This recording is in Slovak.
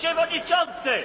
przewodniczący!